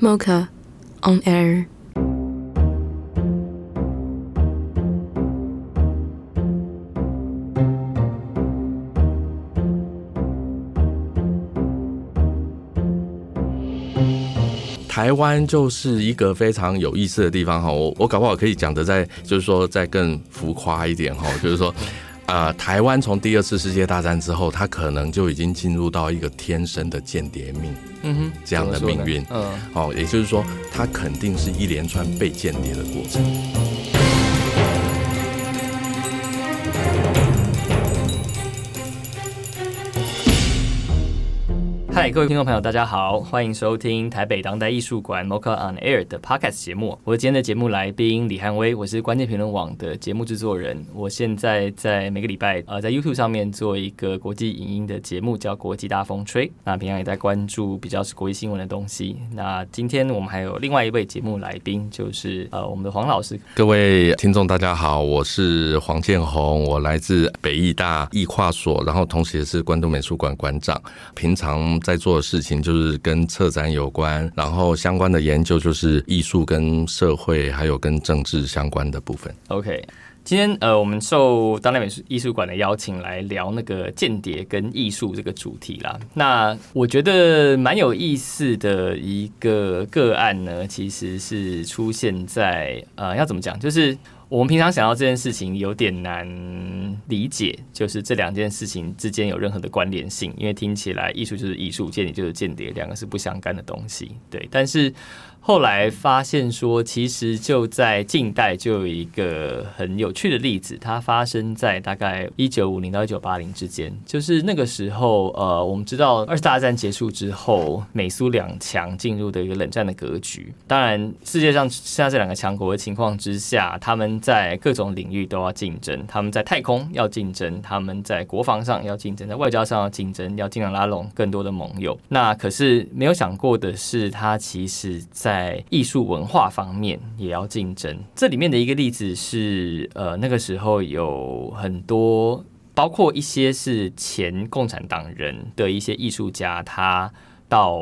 MoCA on air。台灣就是一個非常有意思的地方哈，我我搞不好可以講的再，就是說再更浮誇一點哈， 就是說。呃，台灣從第二次世界大戰之後，它可能就已經進入到一個天生的間諜命，嗯哼，這樣的命運。哦，嗯，也就是說，它肯定是一連串被間諜的過程。各位聽眾朋友，大家好，歡迎收聽台北當代藝術館 MoCA on Air 的 Podcast 節目。我是今天的節目來賓李漢威，我是關鍵評論網的節目製作人。我現在在每個禮拜呃，在 YouTube 上面做一個國際影音的節目，叫《國際大風吹》。那平常也在關注比較是國際新聞的東西。那今天我們還有另外一位節目來賓，就是呃，我們的黃老師。各位聽眾大家好，我是黃建宏，我來自北藝大藝跨所，然後同時也是關渡美術館館，館長。平常在做的事情就是跟策展有關，然後相關的研究就是藝術跟社會還有跟政治相關的部分。OK，今天呃，我們受當代美術藝術館的邀請來聊那個間諜跟藝術這個主題啦。那我覺得蠻有意思的一個個案呢，其實是出現在呃，要怎麼講，就是。我們平常想到這件事情有點難理解，就是這兩件事情之間有任何的關聯性，因為聽起來藝術就是藝術，間諜就是間諜，兩個是不相干的東西，對。但是。後來發現說，其實就在近代就有一個很有趣的例子，它發生在大概一九五零到一九八零之間。就是那個時候，呃，我們知道二次大戰結束之後，美蘇兩強進入的一個冷戰的格局。當然，世界上現在這兩個強國的情況之下，他們在各種領域都要競爭，他們在太空要競爭，他們在國防上要競爭，在外交上要競爭，要盡量拉攏更多的盟友。那可是沒有想過的是，他其實，在在藝術文化方面也要競爭。這裡面的一個例子是，呃，那個時候有很多，包括一些是前共產黨人的一些藝術家，他到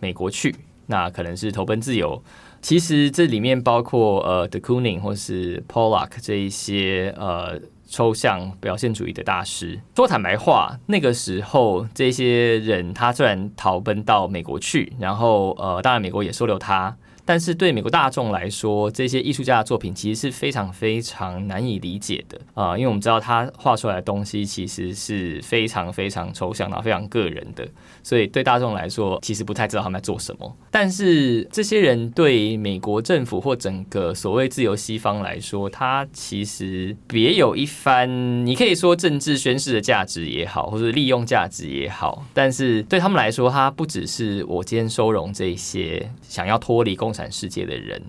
美國去，那可能是投奔自由。其實這裡面包括呃 de Kooning 或是 Pollock 這一些呃。抽象表現主義的大師，說坦白話，那個時候這些人，他雖然逃奔到美國去，然後呃，當然美國也收留他。但是對美國大眾來說，這些藝術家的作品其實是非常非常難以理解的啊、呃，因為我們知道他畫出來的東西其實是非常非常抽象的、非常個人的，所以對大眾來說其實不太知道他們在做什麼。但是這些人對美國政府或整個所謂自由西方來說，他其實別有一番，你可以說政治宣示的價值也好，或者是利用價值也好，但是對他們來說，他不只是我今天收容這些想要脫離共。產世界的人，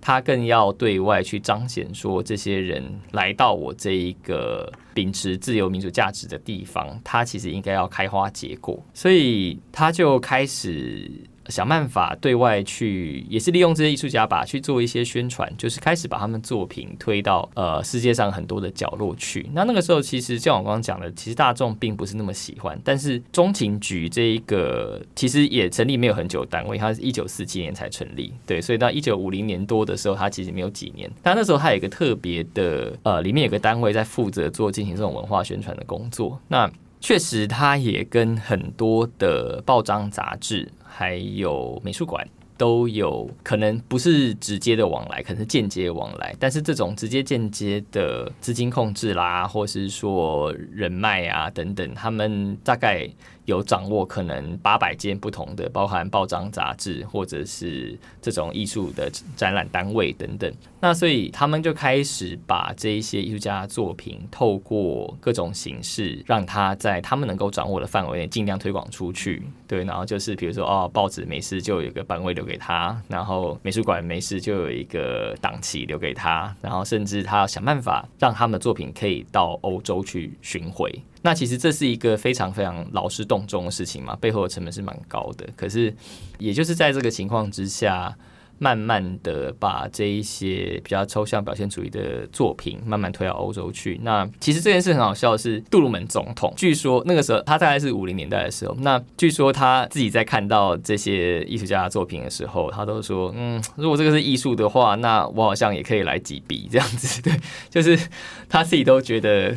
他更要對外去彰顯說，這些人來到我這一個秉持自由民主價值的地方，他其實應該要開花結果，所以他就開始。想辦法對外去，也是利用這些藝術家把去做一些宣傳，就是開始把他們作品推到呃世界上很多的角落去。那那個時候，其實像我剛剛講的，其實大眾並不是那麼喜歡。但是中情局這一個其實也成立沒有很久的單位，它是一九四七年才成立，對，所以到一九五零年多的時候，它其實沒有幾年。但那時候它有一個特別的呃，裡面有個單位在負責做進行這種文化宣傳的工作。那確實，它也跟很多的報章雜誌。還有美術館都有可能不是直接的往來，可能是間接往來。但是這種直接、間接的資金控制啦，或是說人脈啊等等，他們大概。有掌握可能八百件不同的，包含報章雜誌或者是這種藝術的展覽單位等等。那所以他們就開始把這一些藝術家作品透過各種形式，讓他在他們能夠掌握的範圍內盡量推廣出去。對，然後就是比如說哦，報紙沒事就有一個版位留給他，然後美術館沒事就有一個檔期留給他，然後甚至他要想辦法讓他們的作品可以到歐洲去巡回。那其實這是一個非常非常勞師動眾的事情嘛，背後的成本是蠻高的。可是，也就是在這個情況之下，慢慢的把這一些比較抽象表現主義的作品慢慢推到歐洲去。那其實這件事很好笑的是，杜魯門總統據說那個時候他大概是五零年代的時候，那據說他自己在看到這些藝術家的作品的時候，他都說嗯，如果這個是藝術的話，那我好像也可以來幾筆這樣子。對，就是他自己都覺得。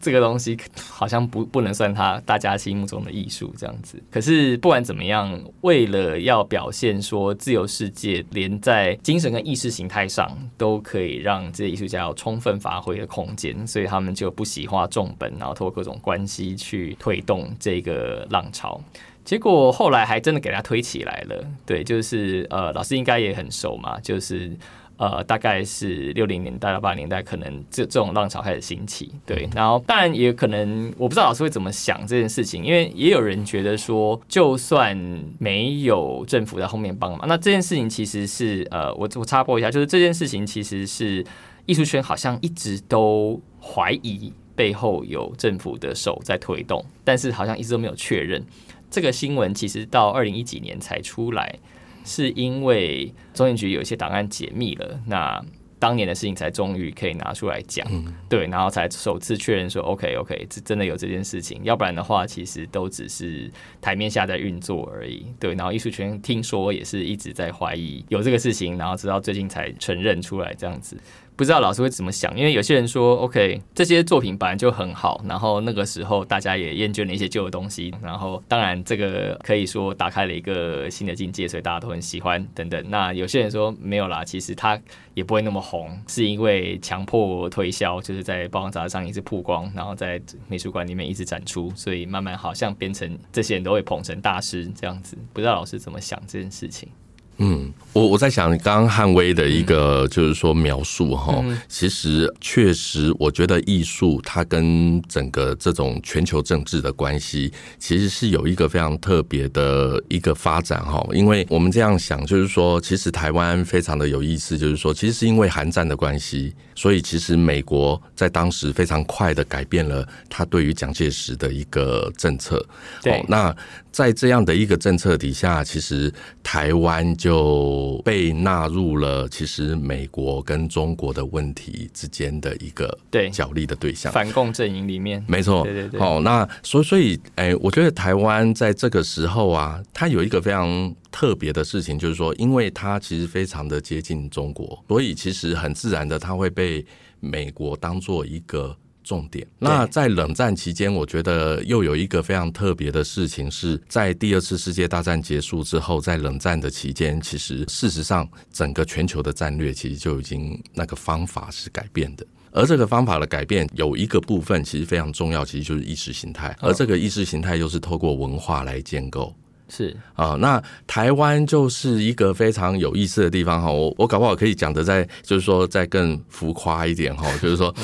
這個東西好像不不能算他大家心目中的藝術這樣子。可是不管怎麼樣，為了要表現說自由世界，連在精神跟意識形態上都可以讓這些藝術家有充分發揮的空間，所以他們就不惜花重本，然後透過各種關係去推動這個浪潮。結果後來還真的給他推起來了。對，就是呃，老師應該也很熟嘛，就是。呃，大概是六零年代到八零年代，可能這這種浪潮開始興起，對。然後當然也可能，我不知道老師會怎麼想這件事情，因為也有人覺得說，就算沒有政府在後面幫忙，那這件事情其實是呃，我我插播一下，就是這件事情其實是藝術圈好像一直都懷疑背後有政府的手在推動，但是好像一直都沒有確認。這個新聞其實到二零一幾年才出來。是因為中情局有一些檔案解密了，那當年的事情才終於可以拿出來講，嗯，對，然後才首次確認說 OK OK，這真的有這件事情，要不然的話其實都只是台面下在運作而已，對，然後藝術圈聽說也是一直在懷疑有這個事情，然後直到最近才承認出來這樣子。不知道老師會怎麼想，因為有些人說，OK，這些作品本來就很好，然後那個時候大家也厭倦了一些舊的東西，然後當然這個可以說打開了一個新的境界，所以大家都很喜歡等等。那有些人說沒有啦，其實他也不會那麼紅，是因為強迫推銷，就是在報刊雜誌上一直曝光，然後在美術館裡面一直展出，所以慢慢好像變成這些人都會捧成大師這樣子。不知道老師怎麼想這件事情。嗯，我我在想剛剛漢威的一個就是說描述哈、嗯，其實確實我覺得藝術它跟整個這種全球政治的關係，其實是有一個非常特別的一個發展哈。因為我們這樣想，就是說，其實台灣非常的有意思，就是說，其實是因為韓戰的關係。所以，其實美國在當時非常快的改變了他對於蔣介石的一個政策。對。那在這樣的一個政策底下，其實台灣就被納入了其實美國跟中國的問題之間的一個角力的對象。對，反共陣營裡面。沒錯。對對對。好，那所所以，哎，我覺得台灣在這個時候啊，它有一個非常。特別的事情就是說，因為它其實非常的接近中國，所以其實很自然的，它會被美國當做一個重點。那在冷戰期間，我覺得又有一個非常特別的事情，是在第二次世界大戰結束之後，在冷戰的期間，其實事實上整個全球的戰略其實就已經那個方法是改變的，而這個方法的改變有一個部分其實非常重要，其實就是意識形態，而這個意識形態又是透過文化來建構。是啊、呃，那台灣就是一個非常有意思的地方哈。我我搞不好可以講的再，就是說再更浮誇一點哈，就是說，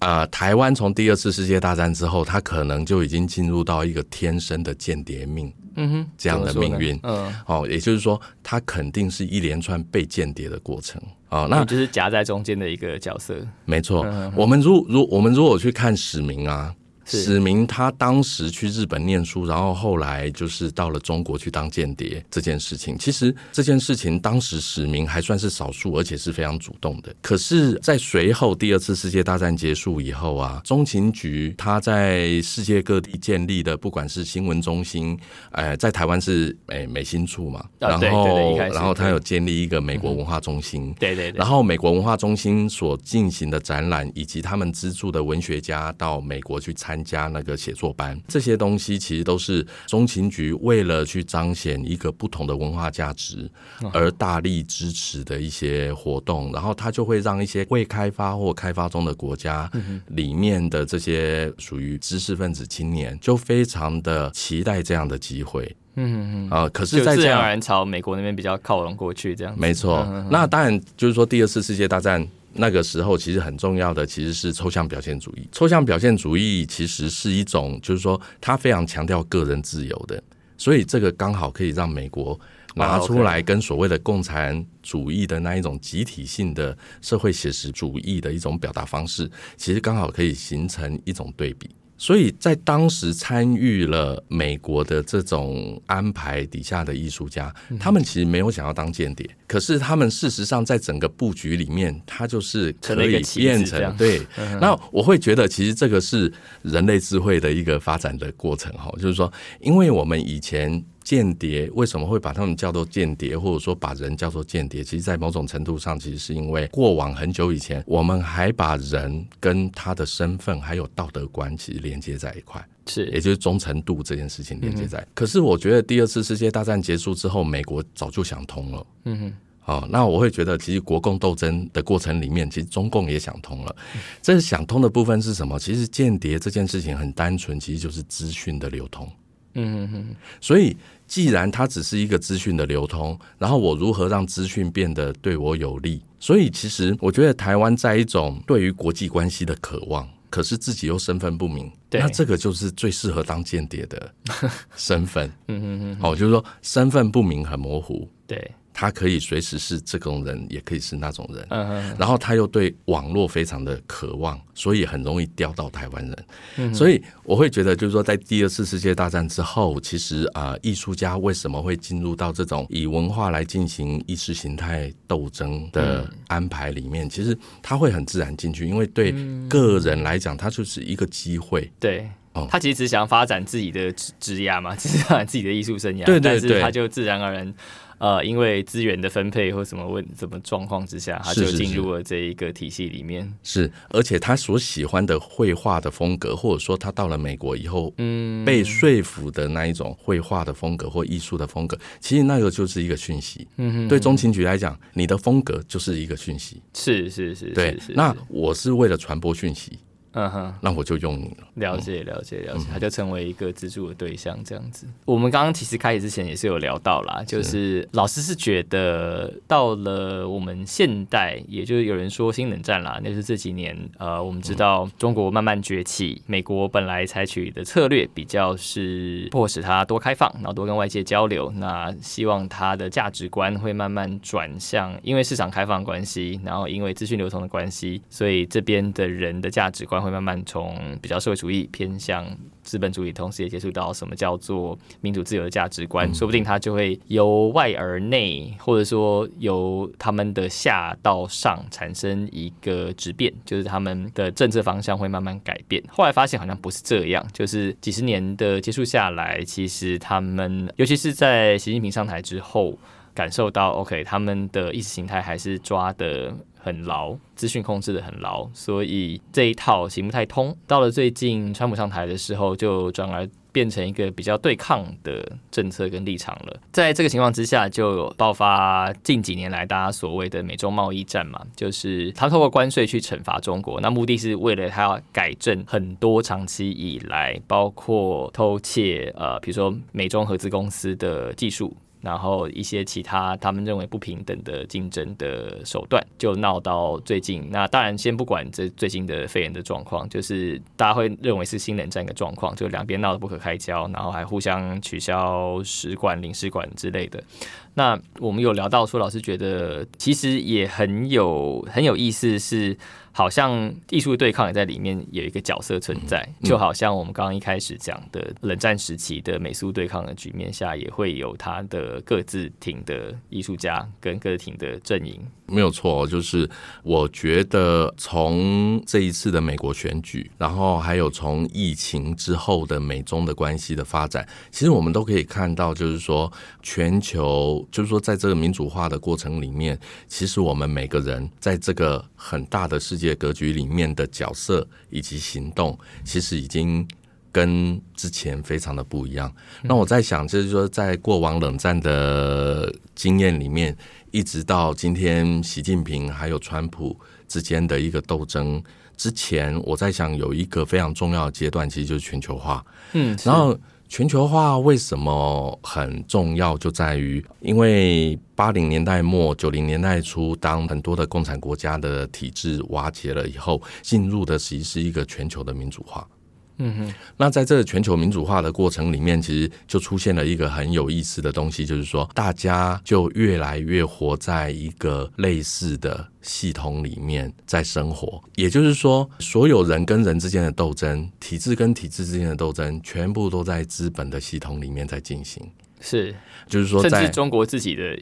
呃、台灣從第二次世界大戰之後，它可能就已經進入到一個天生的間諜命，嗯哼，這樣的命運，哦、嗯，也就是說，它肯定是一連串被間諜的過程啊、呃。那，那你就是夾在中間的一個角色，沒錯、嗯。我們如如我們如果去看史明啊。史明他當時去日本念書，然後後來就是到了中國去當間諜這件事情。其實這件事情當時史明還算是少數，而且是非常主動的。可是，在隨後第二次世界大戰結束以後啊，中情局他在世界各地建立的，不管是新聞中心，呃，在台灣是美、美新處嘛，啊、然後對對對，然後他有建立一個美國文化中心，對對，對，然後美國文化中心所進行的展覽，以及他們資助的文學家到美國去參。加那個寫作班，這些東西其實都是中情局為了去彰顯一個不同的文化價值而大力支持的一些活動，oh. 然後他就會讓一些未開發或開發中的國家裡面的這些屬於知識分子青年，就非常的期待這樣的機會。嗯、oh. 嗯啊，可是在這樣，在自然而然朝美國那邊比較靠攏過去，這樣子沒錯。Oh. 那當然就是說第二次世界大戰。那個時候其實很重要的其實是抽象表現主義。抽象表現主義其實是一種，就是說它非常強調個人自由的，所以這個剛好可以讓美國拿出來跟所謂的共產主義的那一種集體性的社會寫實主義的一種表達方式，其實剛好可以形成一種對比。所以在當時參與了美國的這種安排底下的藝術家、嗯，他們其實沒有想要當間諜，可是他們事實上在整個布局裡面，他就是可以變成對。 那我會覺得，其實這個是人類智慧的一個發展的過程哈，就是說，因為我們以前。間諜為什麼會把他們叫做間諜，或者說把人叫做間諜？其實，在某種程度上，其實是因為過往很久以前，我們還把人跟他的身份還有道德關係連接在一塊，是，也就是忠誠度這件事情連接在。嗯、可是，我覺得第二次世界大戰結束之後，美國早就想通了。嗯哼，好、哦，那我會覺得，其實國共鬥爭的過程裡面，其實中共也想通了。這想通的部分是什麼？其實間諜這件事情很單純，其實就是資訊的流通。嗯嗯嗯，所以既然它只是一個資訊的流通，然後我如何讓資訊變得對我有利？所以其實我覺得台灣在一種對於國際關係的渴望，可是自己又身份不明，對，那這個就是最適合當間諜的身份。 嗯嗯嗯，哦，就是說身份不明很模糊，對。他可以隨時是這種人，也可以是那種人，嗯，然後他又對網絡非常的渴望，所以很容易釣到台灣人。嗯，所以我會覺得，就是說，在第二次世界大戰之後，其實啊，呃，藝術家為什麼會進入到這種以文化來進行意識形態鬥爭的安排裡面？嗯，其實他會很自然進去，因為對個人來講，他就是一個機會。對，嗯，他其實只想發展自己的職業嘛，發展自己的藝術生涯。對對對，但是他就自然而然。呃，因為資源的分配或什麼問什麼狀況之下，他就進入了這一個體系裡面。是，是，是，而且他所喜歡的繪畫的風格，或者說他到了美國以後，嗯，被說服的那一種繪畫的風格或藝術的風格，其實那個就是一個訊息。對中情局來講，你的風格就是一個訊息。是是是，對。那我是為了傳播訊息。嗯哼，那我就用你了。了解，了解，了解，他、嗯、就成為一個資助的對象這樣子。我們剛剛其實開始之前也是有聊到啦，就是老師是覺得到了我們現代，也就是有人說新冷戰啦，那、就是這幾年呃，我們知道中國慢慢崛起，嗯、美國本來採取的策略比較是迫使他多開放，然後多跟外界交流，那希望他的價值觀會慢慢轉向，因為市場開放關係，然後因為資訊流通的關係，所以這邊的人的價值觀。會慢慢從比較社會主義偏向資本主義，同時也接觸到什麼叫做民主自由的價值觀。嗯，說不定他就會由外而內，或者說由他們的下到上產生一個質變，就是他們的政策方向會慢慢改變。後來發現好像不是這樣，就是幾十年的接觸下來，其實他們，尤其是在習近平上台之後，感受到 OK，他們的意識形態還是抓得。很牢，資訊控制得很牢，所以這一套行不太通。到了最近川普上台的時候，就轉而變成一個比較對抗的政策跟立場了。在這個情況之下，就有爆發近幾年來大家所謂的美中貿易戰嘛，就是他透過關稅去懲罰中國，那目的是為了他要改正很多長期以來包括偷竊呃，比如說美中合資公司的技術。然後一些其他他們認為不平等的競爭的手段，就鬧到最近。那當然先不管這最近的肺炎的狀況，就是大家會認為是新冷戰的狀況，就兩邊鬧得不可開交，然後還互相取消使館領事館之類的。那我們有聊到說，老師覺得其實也很有很有意思，是好像藝術對抗也在裡面有一個角色存在，嗯、就好像我們剛剛一開始講的冷戰時期的美蘇對抗的局面下，也會有他的各自挺的藝術家跟各自挺的陣營。沒有錯，就是我覺得從這一次的美國選舉，然後還有從疫情之後的美中的關係的發展，其實我們都可以看到，就是說全球，就是說在這個民主化的過程裡面，其實我們每個人在這個很大的世界格局裡面的角色以及行動，其實已經跟之前非常的不一樣。那我在想，就是說在過往冷戰的經驗裡面，一直到今天，習近平還有川普之間的一個鬥爭之前，我在想有一個非常重要的階段，其實就是全球化嗯。嗯，然後全球化為什麼很重要，就在於因為八零年代末、九零年代初，當很多的共產國家的體制瓦解了以後，進入的其實是一個全球的民主化。嗯哼， 那在這個全球民主化的過程裡面，其實就出現了一個很有意思的東西，就是說，大家就越來越活在一個類似的系統裡面在生活。也就是說，所有人跟人之間的鬥爭，體制跟體制之間的鬥爭，全部都在資本的系統裡面在進行。是，就是說在，甚至中國自己的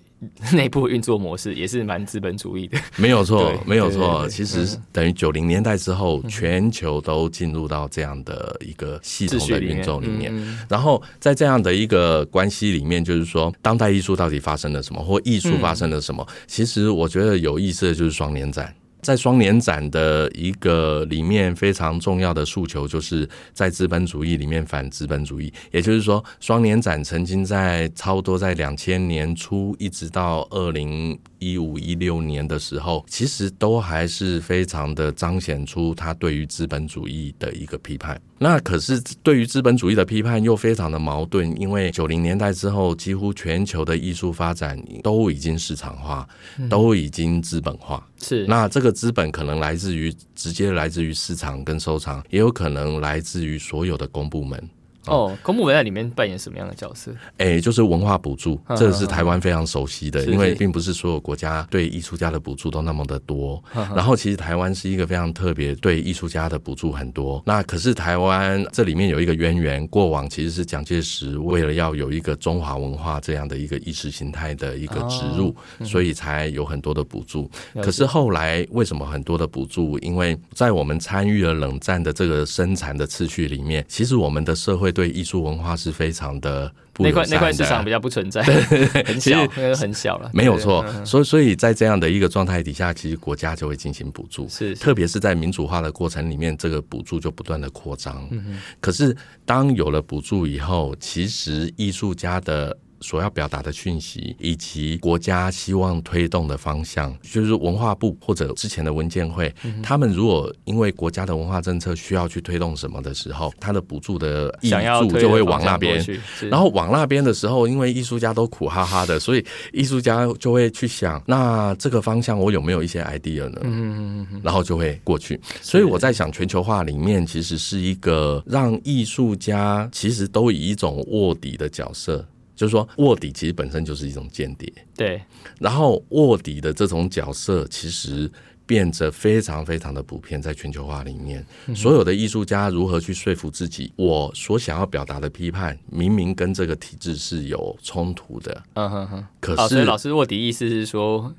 內部運作模式也是蠻資本主義的。沒有錯， 沒有錯。其實等於九零年代之後，嗯、全球都進入到這樣的一個系統的運作裡面，秩序裡面嗯嗯。然後在這樣的一個關係裡面，就是說，當代藝術到底發生了什麼，或藝術發生了什麼，嗯？其實我覺得有意思的就是雙年展。在雙年展的一個裡面非常重要的訴求，就是在資本主義裡面反資本主義。也就是說，雙年展曾經在差不多在兩千年初，一直到二零一五一六年的時候，其實都還是非常的彰顯出他對於資本主義的一個批判。那可是對於資本主義的批判又非常的矛盾，因為九零年代之後，幾乎全球的藝術發展都已經市場化，都已經資本化。嗯，是，那這個資本可能來自於直接來自於市場跟收藏，也有可能來自於所有的公部門。哦，公募文在裡面扮演什麼樣的角色？哎、欸，就是文化補助呵呵呵，這是台灣非常熟悉的是是，因為並不是所有國家對藝術家的補助都那麼的多。呵呵然後，其實台灣是一個非常特別，對藝術家的補助很多。那可是台灣這裡面有一個淵源，過往其實是蔣介石為了要有一個中華文化這樣的一個意識形態的一個植入呵呵，所以才有很多的補助呵呵。可是後來為什麼很多的補助？因為在我們參與了冷戰的這個生產的秩序裡面，其實我們的社會。對藝術文化是非常的，不的，那塊那塊市場比較不存在，對 很小，那很小了，沒有錯。所以呵呵，所以在這樣的一個狀態底下，其實國家就會進行補助，是，是，特別是在民主化的過程裡面，這個補助就不斷的擴張。嗯、可是，當有了補助以後，其實藝術家的。所要表達的訊息，以及國家希望推動的方向，就是文化部或者之前的文建會，他們如果因為國家的文化政策需要去推動什麼的時候，他的補助的藝術就會往那邊，然後往那邊的時候，因為藝術家都苦哈哈的，所以藝術家就會去想，那這個方向我有沒有一些 idea 呢？嗯，然後就會過去。所以我在想，全球化裡面其實是一個讓藝術家其實都以一種臥底的角色。就是說，臥底其實本身就是一種間諜。對，然後臥底的這種角色其實變得非常非常的普遍，在全球化裡面，嗯、所有的藝術家如何去說服自己，我所想要表達的批判，明明跟這個體制是有衝突的。嗯哼哼。可是，老師，臥底意思是說。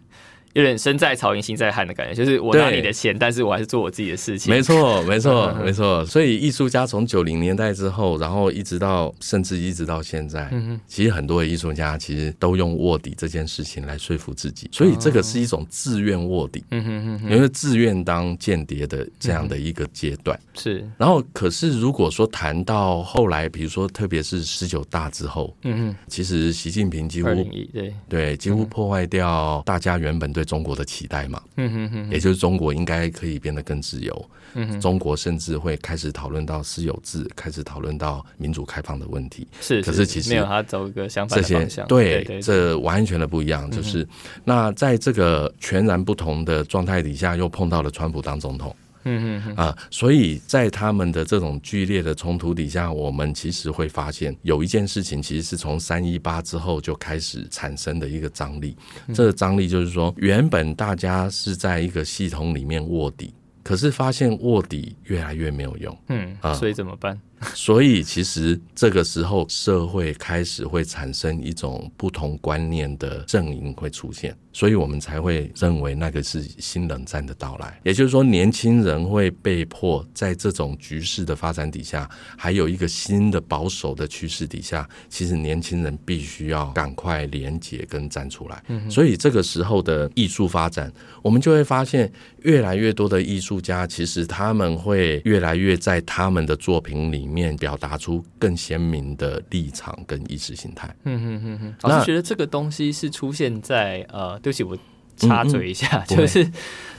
有點身在曹營心在漢的感覺，就是我拿你的錢，但是我還是做我自己的事情。沒錯，沒錯， 沒錯。所以藝術家從九零年代之後，然後一直到甚至一直到現在，嗯、其實很多的藝術家其實都用臥底這件事情來說服自己。嗯、所以這個是一種自願臥底，嗯哼，嗯哼因為自願當間諜的這樣的一個階段、嗯、是。然後，可是如果說談到後來，比如說特別是十九大之後，嗯哼，其實，習近平幾乎 201, 對對幾乎破壞掉大家原本的。對中國的期待嘛，嗯哼哼，也就是中國應該可以變得更自由，嗯哼，中國甚至會開始討論到私有制，開始討論到民主開放的問題，是，是，是，可是其實沒有，他走一個相反的方向。對，對，對，對，這完全的不一樣，就是，嗯、那在這個全然不同的狀態底下，又碰到了川普當總統。嗯嗯啊，所以在他們的這種劇烈的衝突底下，我們其實會發現有一件事情，其實是從三一八之後就開始產生的一個張力。這個張力就是說，原本大家是在一個系統裡面臥底，可是發現臥底越來越沒有用。嗯，所以怎麼辦？啊所以，其實這個時候社會開始會產生一種不同觀念的陣營會出現，所以我們才會認為那個是新冷戰的到來。也就是說，年輕人會被迫在這種局勢的發展底下，還有一個新的保守的趨勢底下，其實年輕人必須要趕快連結跟站出來。所以，這個時候的藝術發展，我們就會發現越來越多的藝術家，其實他們會越來越在他們的作品裡。裡面表達出更鮮明的立場跟意識形態。嗯嗯嗯嗯，老師覺得這個東西是出現在呃，對不起，我插嘴一下，嗯嗯、就是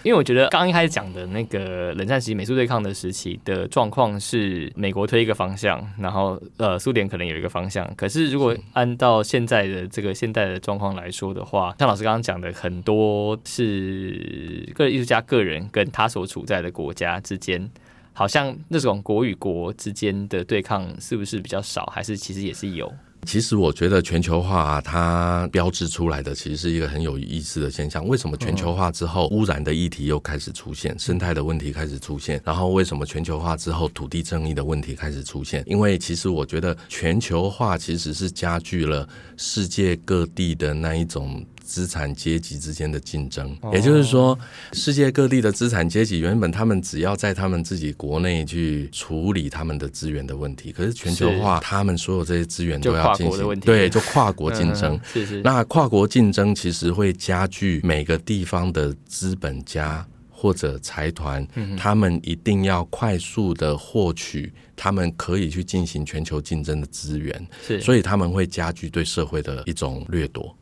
因為我覺得剛一開始講的那個冷戰時期美蘇對抗的時期的狀況是美國推一個方向，然後呃，蘇聯可能有一個方向。可是如果按照現在的這個現代的狀況來說的話，像老師剛剛講的，很多是個藝術家個人跟他所處在的國家之間。好像那種國與國之間的對抗是不是比較少，還是其實也是有？其實我覺得全球化它標誌出來的其實是一個很有意思的現象。為什麼全球化之後汙染的議題又開始出現，生態的問題開始出現，然後為什麼全球化之後土地爭議的問題開始出現？因為其實我覺得全球化其實是加劇了世界各地的那一種。資產階級之間的競爭，也就是說，哦、世界各地的資產階級原本他們只要在他們自己國內去處理他們的資源的問題，可是全球化，他們所有這些資源都要進行，跨國的問題，對，就跨國競爭、 嗯，是是。那跨國競爭其實會加劇每個地方的資本家。或者財團，嗯，他們一定要快速的獲取，他們可以去進行全球競爭的資源，所以他們會加劇對社會的一種掠奪。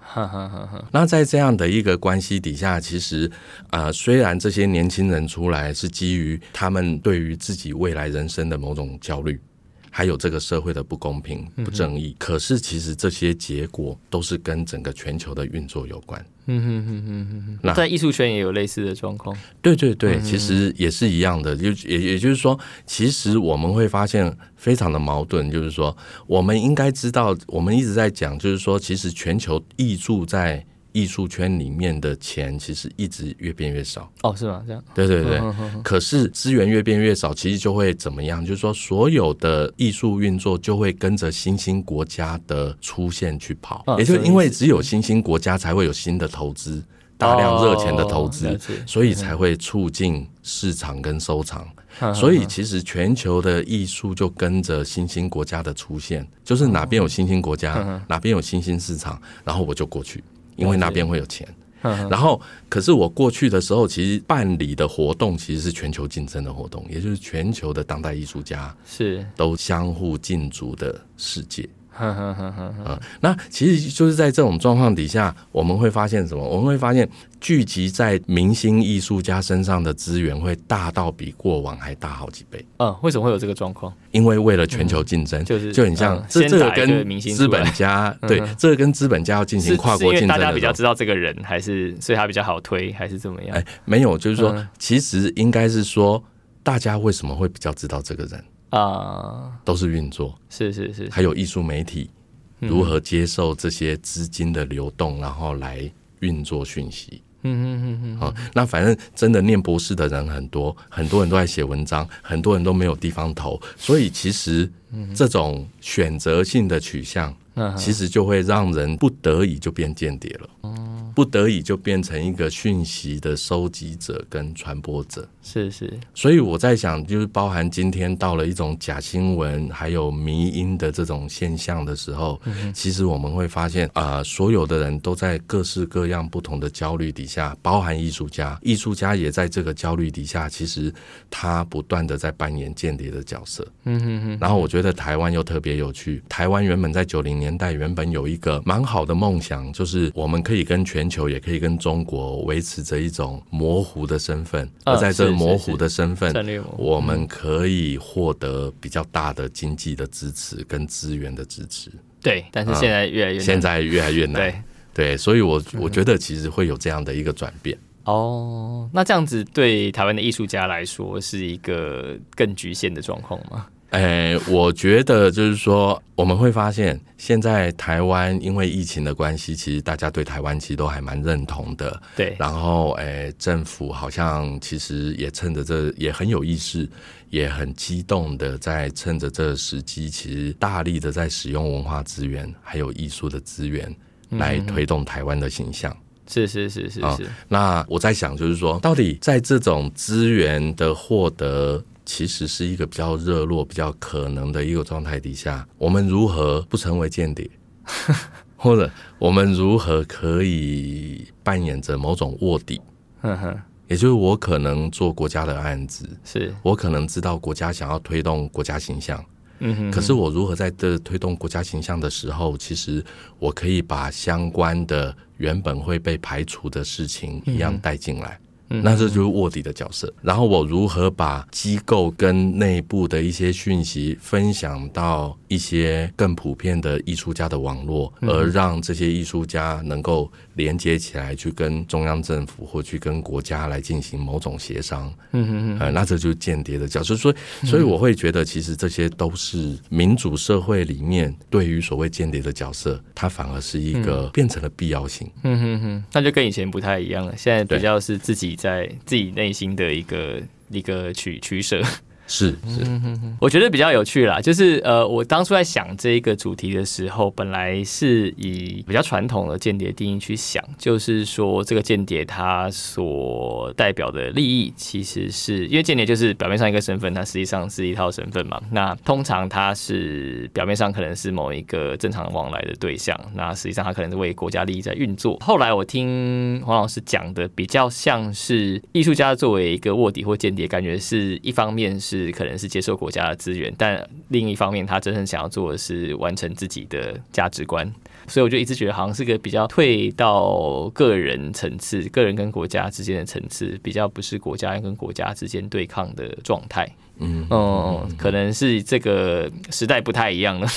那在這樣的一個關係底下，其實，呃，雖然這些年輕人出來是基於他們對於自己未來人生的某種焦慮。還有這個社會的不公平、不正義，嗯，可是其實這些結果都是跟整個全球的運作有關。嗯，那在藝術圈也有類似的狀況。對對對，其實也是一樣的，嗯、就也也就是說，其實我們會發現非常的矛盾，就是說，我們應該知道，我們一直在講，就是說，其實全球藝術在。藝術圈裡面的錢其實一直越變越少哦，oh, 是嗎？這樣對對對。 可是資源越變越少，其實就會怎麼樣？就是說，所有的藝術運作就會跟着新興國家的出現去跑。Oh, 也就是因為只有新興國家才會有新的投資，大量熱錢的投資，oh, 所以才會促進市場跟收藏。 所以其實全球的藝術就跟着新興國家的出現，就是哪邊有新興國家， 哪邊有新興市場，然後我就過去。因為那邊會有錢。嗯，然後可是我過去的時候，其實辦理的活動其實是全球競爭的活動，也就是全球的當代藝術家是都相互競逐的世界。哈哈哈哈哈！那其實就是在這種狀況底下，我們會發現什麼？我們會發現聚集在明星藝術家身上的資源會大到比過往還大好幾倍。嗯，為什麼會有這個狀況？因為為了全球競爭，嗯，就是就很像這這個明星跟資本家對，這個跟資本家要進行跨國競爭。大家比較知道這個人，還是所以他比較好推，還是怎麼樣？哎、欸，沒有，就是說，嗯、其實應該是說，大家為什麼會比較知道這個人？啊、uh，都是運作，是是是，是，還有藝術媒體、嗯、如何接受這些資金的流動，然後來運作訊息。嗯嗯嗯嗯，啊，那反正真的念博士的人很多，很多人都在寫文章， 很多人都沒有地方投，所以其實這種選擇性的取向。其實就會讓人不得已就變間諜了，哦，不得已就變成一個訊息的收集者跟傳播者。是是。所以我在想，就是包含今天到了一種假新聞還有迷因的這種現象的時候，嗯、其實我們會發現，啊、呃，所有的人都在各式各樣不同的焦慮底下，包含藝術家，藝術家也在這個焦慮底下，其實他不斷的在扮演間諜的角色。嗯嗯嗯。然後我覺得台灣又特別有趣，台灣原本在九零年。年代原本有一個蠻好的夢想，就是我們可以跟全球，也可以跟中國維持着一種模糊的身份、嗯。而在這模糊的身份、嗯，我們可以獲得比較大的經濟的支持跟資源的支持。對，但是現在越來越，嗯，現在越來越難。 對，對，所以我，我我覺得其實會有這樣的一個轉變。哦、嗯，oh, 那這樣子對台灣的藝術家來說是一個更局限的狀況嗎？哎、欸，我覺得就是說，我們會發現，現在台灣因為疫情的關係，其實大家對台灣其實都還蠻認同的。對，然後哎、欸，政府好像其實也趁着這也很有意思，也很激動的在趁着這時機，其實大力的在使用文化資源還有藝術的資源來推動台灣的形象、嗯。是是是是是。嗯、那我在想，就是說，到底在這種資源的獲得。其實是一個比較熱絡、比較可能的一個狀態底下，我們如何不成為間諜，或者我們如何可以扮演着某種臥底？呵呵，也就是我可能做國家的案子，是我可能知道國家想要推動國家形象。嗯哼，可是我如何在這推動國家形象的時候，其實我可以把相關的原本會被排除的事情一樣帶進來。那這就是臥底的角色。然後我如何把機構跟內部的一些訊息分享到一些更普遍的藝術家的網絡，而讓這些藝術家能夠連接起來，去跟中央政府或去跟國家來進行某種協商？嗯哼哼。啊、呃，那這就是間諜的角色。所以，所以我會覺得，其實這些都是民主社會裡面對於所謂間諜的角色，它反而是一個變成了必要性。嗯哼哼，那就跟以前不太一樣了。現在比較是自己的。在自己內心的一個、嗯、一個取取捨。是是，我覺得比較有趣啦，就是呃，我當初在想這一個主題的時候，本來是以比較傳統的間諜定義去想，就是說這個間諜他所代表的利益，其實是因為間諜就是表面上一個身份，它實際上是一套身份嘛。那通常他是表面上可能是某一個正常往來的對象，那實際上他可能是為國家利益在運作。後來我聽黃老師講的，比較像是藝術家作為一個臥底或間諜，感覺是一方面是。是，可能是接受國家的資源，但另一方面，他真正想要做的是完成自己的價值觀，所以我就一直覺得好像是個比較退到個人層次，個人跟國家之間的層次，比較不是國家跟國家之間對抗的狀態。嗯，哦、嗯嗯，可能是這個時代不太一樣了。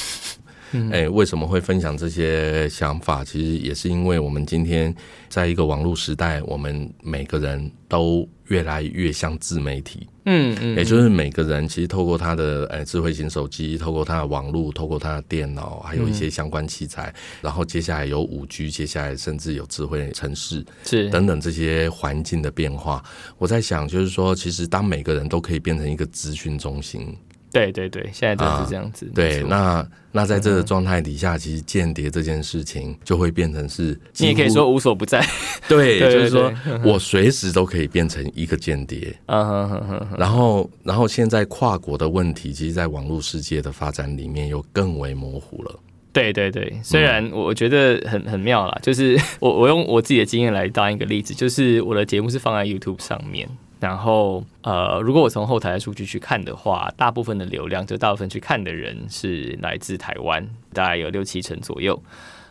哎，為什麼會分享這些想法？其實也是因為我們今天在一個網絡時代，我們每個人都越來越像自媒體。嗯，也、嗯欸、就是每個人其實透過他的、欸、智慧型手機，透過他的網絡，透過他的電腦，還有一些相關器材，嗯、然後接下來有五 G，接下來甚至有智慧城市，是等等這些環境的變化。我在想，就是說，其實當每個人都可以變成一個資訊中心。對對對，現在就是這樣子。啊、對，那那在這個狀態底下，其實間諜這件事情就會變成是，你也可以說無所不在。 對，對，對，對，就是說我隨時都可以變成一個間諜。嗯、啊、然後，然後現在跨國的問題，其實，在網絡世界的發展裡面，又更為模糊了。對對對，雖然我覺得很很妙啦，就是我我用我自己的經驗來當一個例子，就是我的節目是放在 YouTube 上面。然後，呃，如果我從後台的數據去看的話，大部分的流量，就大部分去看的人是來自台灣，大概有六七成左右。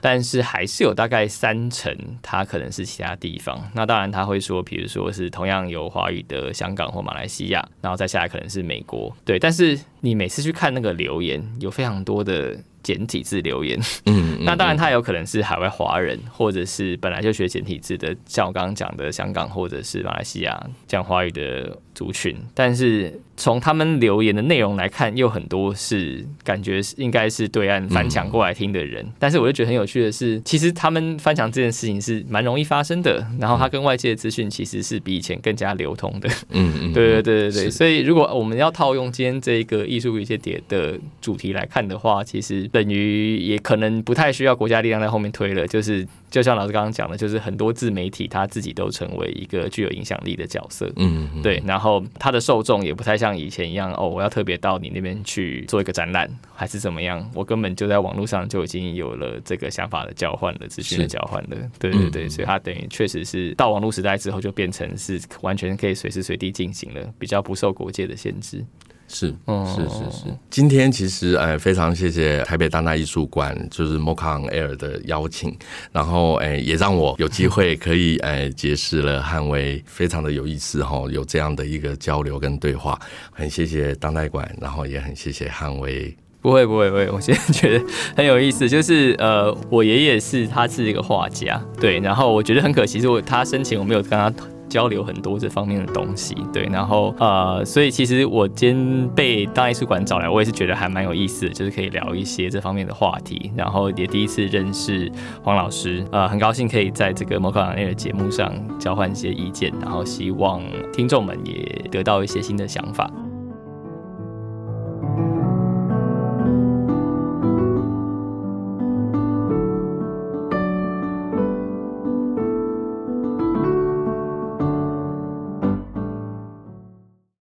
但是還是有大概三成，他可能是其他地方。那當然，他會說，比如說是同樣有華語的香港或馬來西亞，然後再下來可能是美國，對。但是你每次去看那個留言，有非常多的。簡體字留言，嗯，嗯，嗯、 那當然，他有可能是海外華人，或者是本來就學簡體字的，像我剛剛講的香港或者是馬來西亞講華語的族群。但是從他們留言的內容來看，又很多是感覺是應該是對岸翻牆過來聽的人。但是我就覺得很有趣的是，其實他們翻牆這件事情是蠻容易發生的。然後他跟外界的資訊其實是比以前更加流通的。嗯，對對對對對、對。所以如果我們要套用今天這一個藝術與間諜的主題來看的話，其實。等於也可能不太需要國家力量在後面推了，就是就像老師剛剛講的，就是很多自媒體它自己都成為一個具有影響力的角色，嗯，嗯對，然後它的受眾也不太像以前一樣哦，我要特別到你那邊去做一個展覽還是怎麼樣，我根本就在網絡上就已經有了這個想法的交換了，資訊的交換了，對對對，嗯，所以它等於確實是到網絡時代之後就變成是完全可以隨時隨地進行了，比較不受國界的限制。是是是是，今天其實哎，非常謝謝台北當代藝術館就是 MoCA Air 的邀請，然後哎也讓我有機會可以哎結識了漢威，非常的有意思哈，有這樣的一個交流跟對話，很謝謝當代館，然後也很謝謝漢威。不會不會不會，我現在覺得很有意思，就是呃我爺爺是他是一個畫家，對，然後我覺得很可惜是我他生前我沒有跟他。交流很多這方面的東西，對，然後呃，所以其實我今天被大藝術館找來，我也是覺得還蠻有意思的，就是可以聊一些這方面的話題，然後也第一次認識黃老師，呃，很高興可以在這個《摩卡講夜》的節目上交換一些意見，然後希望聽眾們也得到一些新的想法。